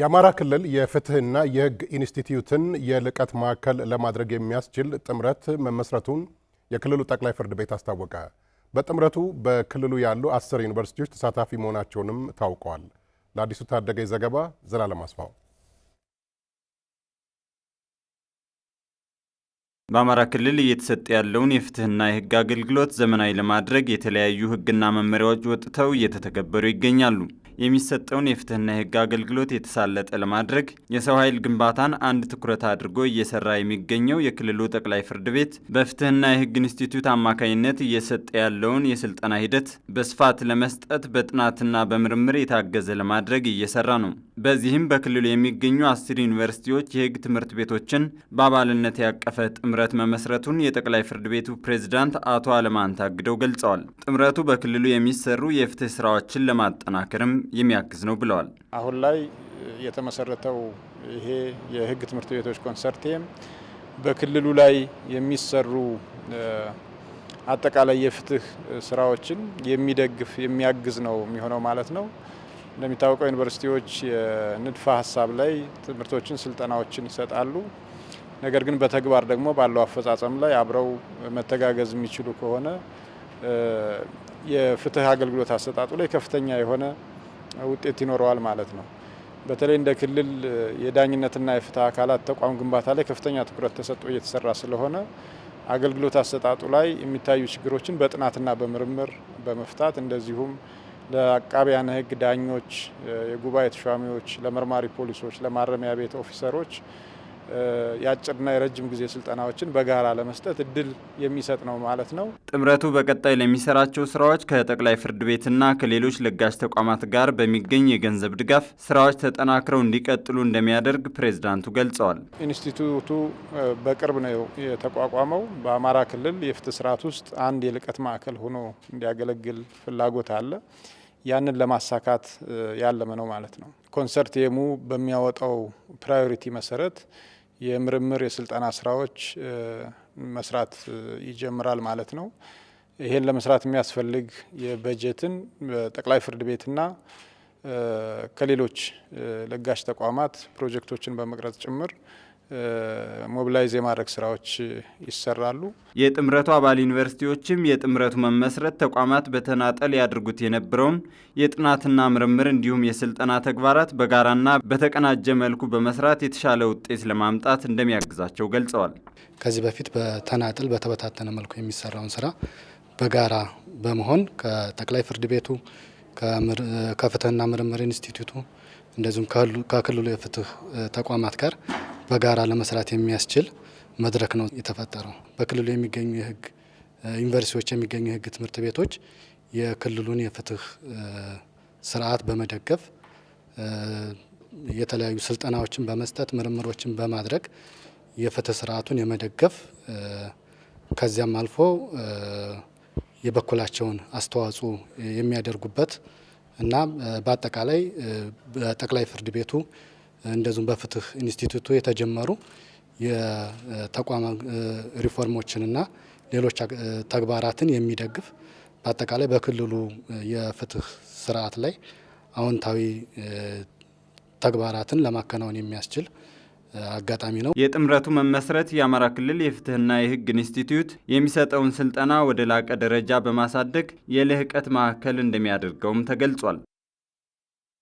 የአማራ ክልል የፍትህና የህግ ኢንስቲትዩትን የልቀት ማዕከል ለማድረግ የሚያስችል ጥምረት መመስረቱን የክልሉ ጠቅላይ ፍርድ ቤት አስታወቀ። በጥምረቱ በክልሉ ያሉ አስር ዩኒቨርሲቲዎች ተሳታፊ መሆናቸውንም ታውቋል። ለአዲሱ ታደገኝ ዘገባ ዘላለም አስፋው በአማራ ክልል እየተሰጠ ያለውን የፍትህና የህግ አገልግሎት ዘመናዊ ለማድረግ የተለያዩ ህግና መመሪያዎች ወጥተው እየተተገበሩ ይገኛሉ። የሚሰጠውን የፍትህና የህግ አገልግሎት የተሳለጠ ለማድረግ የሰው ኃይል ግንባታን አንድ ትኩረት አድርጎ እየሰራ የሚገኘው የክልሉ ጠቅላይ ፍርድ ቤት በፍትህና የህግ ኢንስቲትዩት አማካኝነት እየሰጠ ያለውን የስልጠና ሂደት በስፋት ለመስጠት በጥናትና በምርምር የታገዘ ለማድረግ እየሰራ ነው። በዚህም በክልሉ የሚገኙ አስር ዩኒቨርሲቲዎች የህግ ትምህርት ቤቶችን በአባልነት ያቀፈ ጥምረት መመስረቱን የጠቅላይ ፍርድ ቤቱ ፕሬዝዳንት አቶ አለማንታ አግደው ገልጸዋል። ጥምረቱ በክልሉ የሚሰሩ የፍትህ ስራዎችን ለማጠናከርም የሚያግዝ ነው ብለዋል። አሁን ላይ የተመሰረተው ይሄ የህግ ትምህርት ቤቶች ኮንሰርቲየም በክልሉ ላይ የሚሰሩ አጠቃላይ የፍትህ ስራዎችን የሚደግፍ የሚያግዝ ነው የሚሆነው ማለት ነው። እንደሚታወቀው ዩኒቨርሲቲዎች የንድፈ ሀሳብ ላይ ትምህርቶችን፣ ስልጠናዎችን ይሰጣሉ። ነገር ግን በተግባር ደግሞ ባለው አፈጻጸም ላይ አብረው መተጋገዝ የሚችሉ ከሆነ የፍትህ አገልግሎት አሰጣጡ ላይ ከፍተኛ የሆነ ውጤት ይኖረዋል ማለት ነው። በተለይ እንደ ክልል የዳኝነትና የፍትህ አካላት ተቋም ግንባታ ላይ ከፍተኛ ትኩረት ተሰጥቶ እየተሰራ ስለሆነ አገልግሎት አሰጣጡ ላይ የሚታዩ ችግሮችን በጥናትና በምርምር በመፍታት እንደዚሁም ለአቃቢያን ህግ ዳኞች፣ የጉባኤ ተሿሚዎች፣ ለመርማሪ ፖሊሶች፣ ለማረሚያ ቤት ኦፊሰሮች የአጭርና የረጅም ጊዜ ስልጠናዎችን በጋራ ለመስጠት እድል የሚሰጥ ነው ማለት ነው። ጥምረቱ በቀጣይ ለሚሰራቸው ስራዎች ከጠቅላይ ፍርድ ቤትና ከሌሎች ለጋሽ ተቋማት ጋር በሚገኝ የገንዘብ ድጋፍ ስራዎች ተጠናክረው እንዲቀጥሉ እንደሚያደርግ ፕሬዝዳንቱ ገልጸዋል። ኢንስቲትዩቱ በቅርብ ነው የተቋቋመው። በአማራ ክልል የፍትህ ስርዓት ውስጥ አንድ የልቀት ማዕከል ሆኖ እንዲያገለግል ፍላጎት አለ። ያንን ለማሳካት ያለመ ነው ማለት ነው። ኮንሰርቲየሙ በሚያወጣው ፕራዮሪቲ መሰረት የምርምር የስልጠና ስራዎች መስራት ይጀምራል ማለት ነው። ይሄን ለመስራት የሚያስፈልግ የበጀትን በጠቅላይ ፍርድ ቤትና ከሌሎች ለጋሽ ተቋማት ፕሮጀክቶችን በመቅረጽ ጭምር ሞቢላይዝ የማድረግ ስራዎች ይሰራሉ። የጥምረቱ አባል ዩኒቨርሲቲዎችም የጥምረቱ መመስረት ተቋማት በተናጠል ያድርጉት የነበረውን የጥናትና ምርምር እንዲሁም የስልጠና ተግባራት በጋራና በተቀናጀ መልኩ በመስራት የተሻለ ውጤት ለማምጣት እንደሚያግዛቸው ገልጸዋል። ከዚህ በፊት በተናጠል በተበታተነ መልኩ የሚሰራውን ስራ በጋራ በመሆን ከጠቅላይ ፍርድ ቤቱ ከፍትህና ምርምር ኢንስቲትዩቱ እንደዚሁም ከክልሉ የፍትህ ተቋማት ጋር በጋራ ለመስራት የሚያስችል መድረክ ነው የተፈጠረው። በክልሉ የሚገኙ የህግ ዩኒቨርሲቲዎች የሚገኙ የህግ ትምህርት ቤቶች የክልሉን የፍትህ ስርዓት በመደገፍ የተለያዩ ስልጠናዎችን በመስጠት ምርምሮችን በማድረግ የፍትህ ስርዓቱን የመደገፍ ከዚያም አልፎ የበኩላቸውን አስተዋጽኦ የሚያደርጉበት እና በአጠቃላይ በጠቅላይ ፍርድ ቤቱ እንደዚሁም በፍትህ ኢንስቲትዩቱ የተጀመሩ የተቋም ሪፎርሞችንና ሌሎች ተግባራትን የሚደግፍ በአጠቃላይ በክልሉ የፍትህ ስርዓት ላይ አዎንታዊ ተግባራትን ለማከናወን የሚያስችል አጋጣሚ ነው። የጥምረቱ መመስረት የአማራ ክልል የፍትህና የህግ ኢንስቲትዩት የሚሰጠውን ስልጠና ወደ ላቀ ደረጃ በማሳደግ የልህቀት ማዕከል እንደሚያደርገውም ተገልጿል።